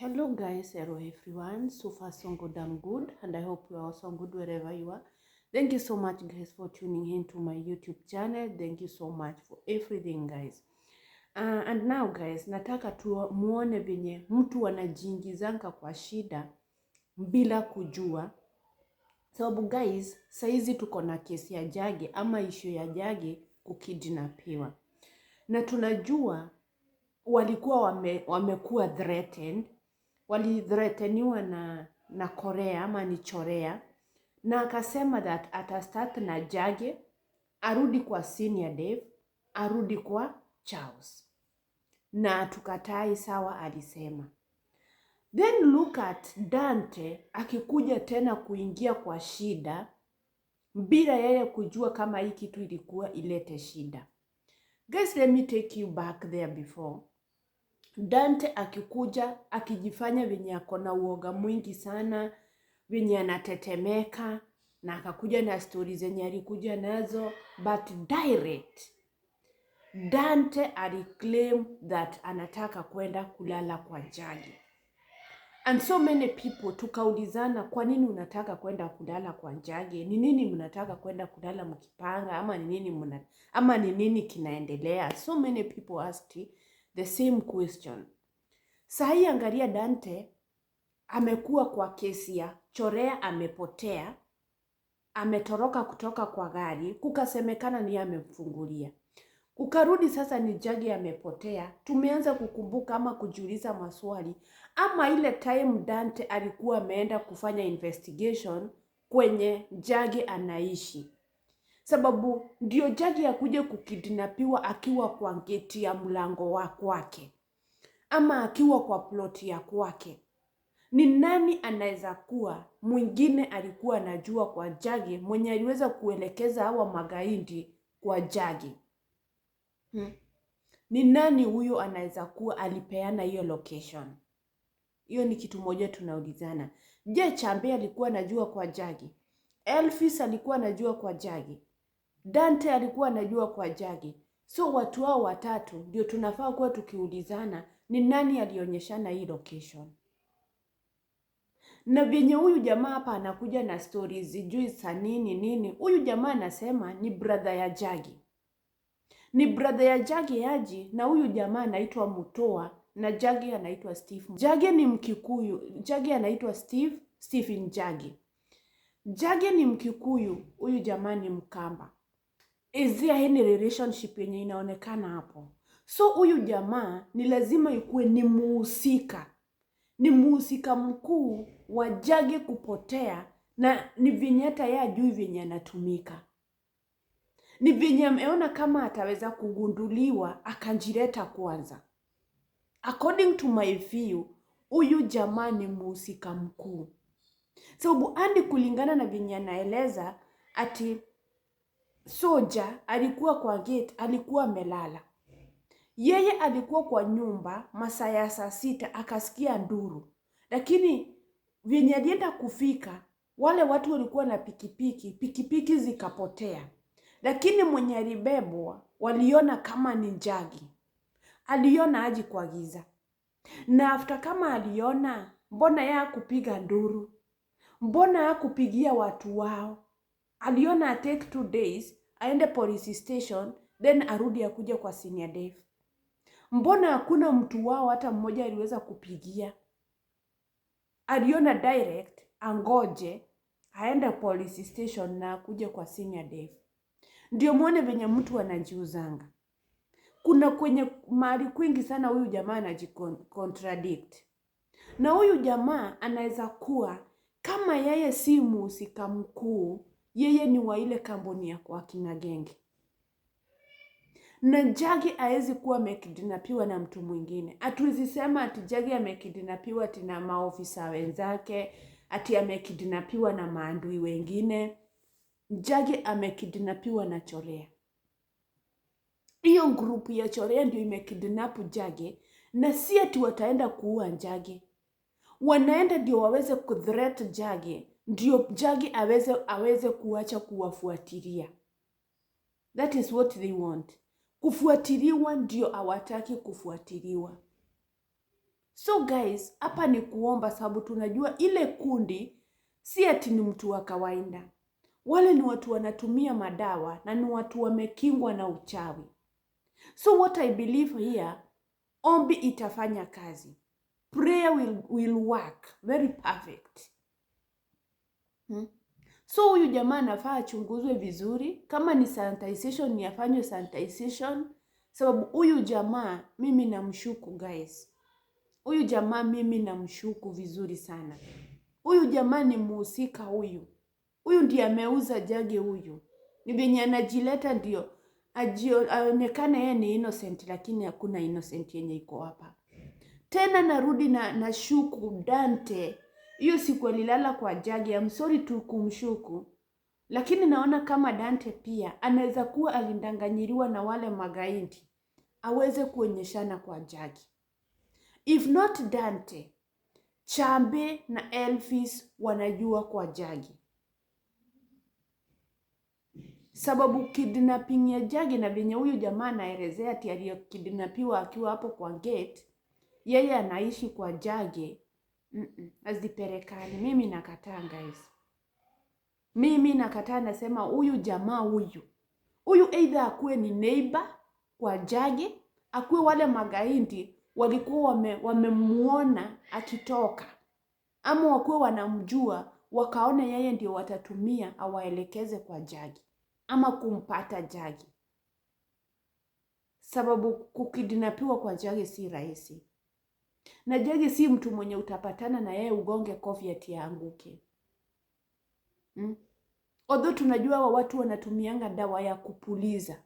hello guys hello everyone so far so good i'm good and i hope you are also good wherever you are thank you so much guys for tuning in to my youtube channel thank you so much for everything guys uh, and now guys nataka tu muone venye mtu anajiingizanga kwa shida bila kujua sababu so, guys saizi tuko na kesi ya Jage ama ishu ya Jage kukidnapiwa na tunajua walikuwa wame, wamekuwa threatened walithreteniwa na, na Korea ama ni Chorea, na akasema that atastart na Jage, arudi kwa senior Dave, arudi kwa Charles na tukatai sawa, alisema. Then look at Dante akikuja tena kuingia kwa shida bila yeye kujua kama hii kitu ilikuwa ilete shida. Guys, let me take you back there before Dante akikuja akijifanya venye ako na uoga mwingi sana, venye anatetemeka na akakuja na stori zenye alikuja nazo, but direct Dante aliclaim that anataka kwenda kulala kwa jaji, and so many people tukaulizana, kwa nini unataka kwenda kulala kwa jaji? Ni nini mnataka kwenda kulala mkipanga, ama ni nini mna, ama ni nini kinaendelea? So many people asked the same question. Sahii angalia, Dante amekuwa kwa kesi ya chorea, amepotea, ametoroka kutoka kwa gari, kukasemekana ni amemfungulia, ukarudi sasa ni jagi amepotea. Tumeanza kukumbuka ama kujiuliza maswali ama ile time Dante alikuwa ameenda kufanya investigation kwenye jagi anaishi sababu ndio jaji akuje kukidnapiwa akiwa kwa geti ya mlango wa kwake ama akiwa kwa ploti ya kwake. Ni nani anaweza kuwa mwingine? Alikuwa anajua kwa jagi mwenye aliweza kuelekeza hawa magaidi kwa jaji hmm? Ni nani huyo anaweza kuwa alipeana hiyo location? Hiyo ni kitu moja tunaulizana. Je, Chambe alikuwa anajua kwa jagi? Elvis alikuwa anajua kwa jagi? Dante alikuwa anajua kwa jagi, so watu hao watatu ndio tunafaa kuwa tukiulizana ni nani alionyeshana hii location na vyenye huyu jamaa hapa anakuja na stori zijui za nini nini. Huyu jamaa anasema ni brother ya Jagi, ni brother ya Jagi yaji, na huyu jamaa anaitwa Mutoa na Jagi anaitwa Steve. Jagi ni Mkikuyu, Jagi anaitwa Steve, Stephen Jagi. Jagi ni Mkikuyu, huyu jamaa ni Mkamba is there any relationship yenye inaonekana hapo? So huyu jamaa ni lazima ikuwe ni muhusika, ni muhusika mkuu wa Jage kupotea, na ni vyenye hata yeye ajui anatumika, ni vyenye ameona kama ataweza kugunduliwa akanjileta kwanza. According to my view, huyu jamaa ni muhusika mkuu sababu so, andi kulingana na vyenye anaeleza ati Soja alikuwa kwa gate, alikuwa amelala. Yeye alikuwa kwa nyumba masaa ya saa sita akasikia nduru, lakini vyenye alienda kufika wale watu walikuwa na pikipiki, pikipiki zikapotea, lakini mwenye alibebwa waliona kama ni Njagi. Aliona aji kwa giza, na afta kama aliona, mbona ya kupiga nduru? Mbona kupigia watu wao? Aliona take two days aende police station then arudi akuja kwa senior Dev. Mbona hakuna mtu wao hata mmoja aliweza kupigia? Aliona direct angoje aende police station na akuja kwa senior Dev. Ndio muone venye mtu anajiuzanga. Kuna kwenye mahali kwingi sana huyu jamaa anajicontradict, na huyu jamaa anaweza kuwa kama yeye si mhusika mkuu yeye ni wa ile kampuni ya kwa kina Genge na Jagi hawezi kuwa amekidnapiwa na mtu mwingine. Hatuwezi sema ati Jagi amekidnapiwa ati na maofisa wenzake, ati amekidnapiwa na maandui wengine. Jagi amekidnapiwa na Chorea. Hiyo grupu ya Chorea ndio imekidnapu Jagi, na si ati wataenda kuua Jagi, wanaenda ndio waweze kuthreat Jagi ndio jagi aweze aweze kuacha kuwafuatilia. That is what they want. Kufuatiliwa ndio awataki kufuatiliwa. So guys, hapa ni kuomba, sababu tunajua ile kundi si ati ni mtu wa kawaida. Wale ni watu wanatumia madawa na ni watu wamekingwa na uchawi. So what I believe here, ombi itafanya kazi. Prayer will, will work very perfect. Hmm. So huyu jamaa anafaa achunguzwe vizuri, kama ni sanitization yafanywe sanitization, sababu huyu jamaa mimi namshuku guys, huyu jamaa mimi namshuku vizuri sana. Huyu jamaa ni muhusika huyu, huyu ndiye ameuza jage, huyu ni venye anajileta ndio aonekane yeye ni innocent, lakini hakuna innocent yenye iko hapa tena. Narudi na, na shuku Dante hiyo siku alilala kwa jagi. I'm sorry tu kumshuku, lakini naona kama Dante pia anaweza kuwa alindanganyiriwa na wale magaidi aweze kuonyeshana kwa jagi. If not Dante, Chambe na Elvis wanajua kwa jagi, sababu kidnapping ya jagi na venye huyu jamaa anaelezea ati aliyokidnapiwa akiwa hapo kwa gate, yeye anaishi kwa jage Mm -mm. Mimi nakataa guys, mimi nakataa. Nasema huyu jamaa huyu huyu either akuwe ni neighbor kwa jage, akuwe wale magaindi walikuwa wamemuona akitoka, ama wakuwe wanamjua wakaona yeye ndio watatumia awaelekeze kwa jagi ama kumpata jagi, sababu kukidnapiwa kwa jagi si rahisi na Jage si mtu mwenye utapatana na yeye ugonge kofi ati aanguke mm? Although tunajua hawa watu wanatumianga dawa ya kupuliza,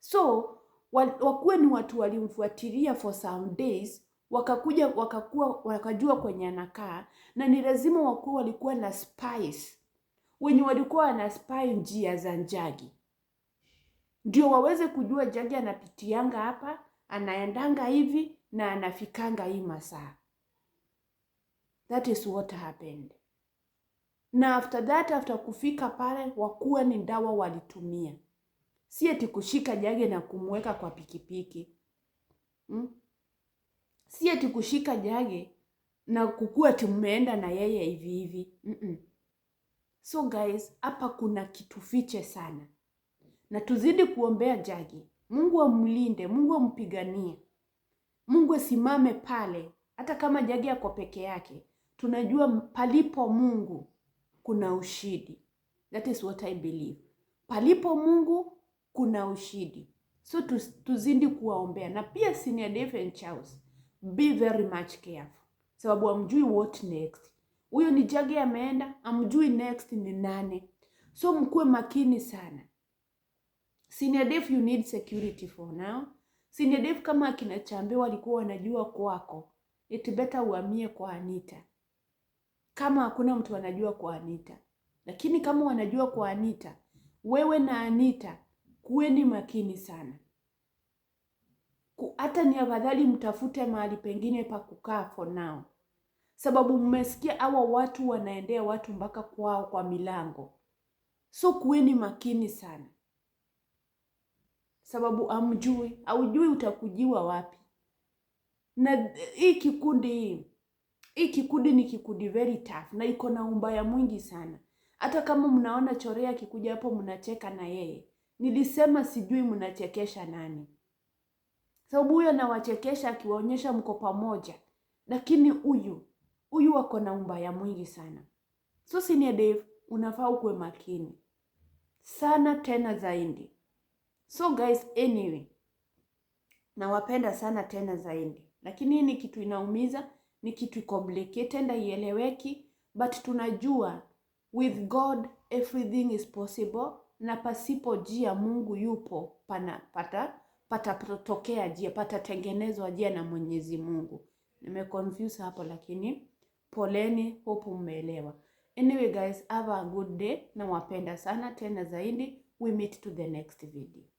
so wakuwe ni watu walimfuatilia for some days, wakakuja wakakuwa wakajua kwenye anakaa, na ni lazima wakuwa walikuwa na spies wenye walikuwa wana spy njia za Njagi ndio waweze kujua Njagi anapitianga hapa, anaendanga hivi na anafikanga hii masaa. That is what happened. Na after that, after kufika pale, wakuwa ni dawa walitumia, si eti kushika jage na kumweka kwa pikipiki hmm? Si eti kushika jage na ti tumeenda na yeye hivi hivi mm -mm. So guys, hapa kuna kitu fiche sana, na tuzidi kuombea Jagi. Mungu amlinde, Mungu ampiganie. Mungu asimame pale, hata kama jagi yako peke yake. Tunajua palipo Mungu kuna ushindi. That is what I believe. Palipo Mungu kuna ushindi, so tuzidi kuwaombea na pia senior defense house, be very much careful, sababu amjui what next. Huyo ni jagi ameenda, amjui next ni nane, so mkuwe makini sana. Senior def, you need security for now. Sinidevu kama akina Chambeo walikuwa wanajua kwako, it better uhamie kwa Anita kama hakuna mtu anajua kwa Anita. Lakini kama wanajua kwa Anita, wewe na Anita kuweni makini sana. Hata ni afadhali mtafute mahali pengine pa kukaa for now, sababu mmesikia hawa watu wanaendea watu mpaka kwao kwa milango, so kuweni makini sana sababu amjui aujui utakujiwa wapi. Na hii kikundi hii hii kikundi ni kikundi very tough, na iko na umbaya mwingi sana. Hata kama mnaona chorea akikuja hapo mnacheka na yeye, nilisema sijui mnachekesha nani, sababu huyo anawachekesha akiwaonyesha mko pamoja, lakini huyu huyu wako na umbaya mwingi sana. So senior Dave, unafaa ukuwe makini sana tena zaidi. So guys, anyway, nawapenda sana tena zaidi, lakini hii ni kitu inaumiza, ni kitu complicated, haieleweki, but tunajua with God everything is possible, na pasipo jia Mungu yupo pana pata pata patatokea jia pata tengenezwa jia na Mwenyezi Mungu. Nimeconfuse hapo, lakini poleni, hope mmeelewa. Anyway guys, have a good day, nawapenda sana tena zaidi. We meet to the next video.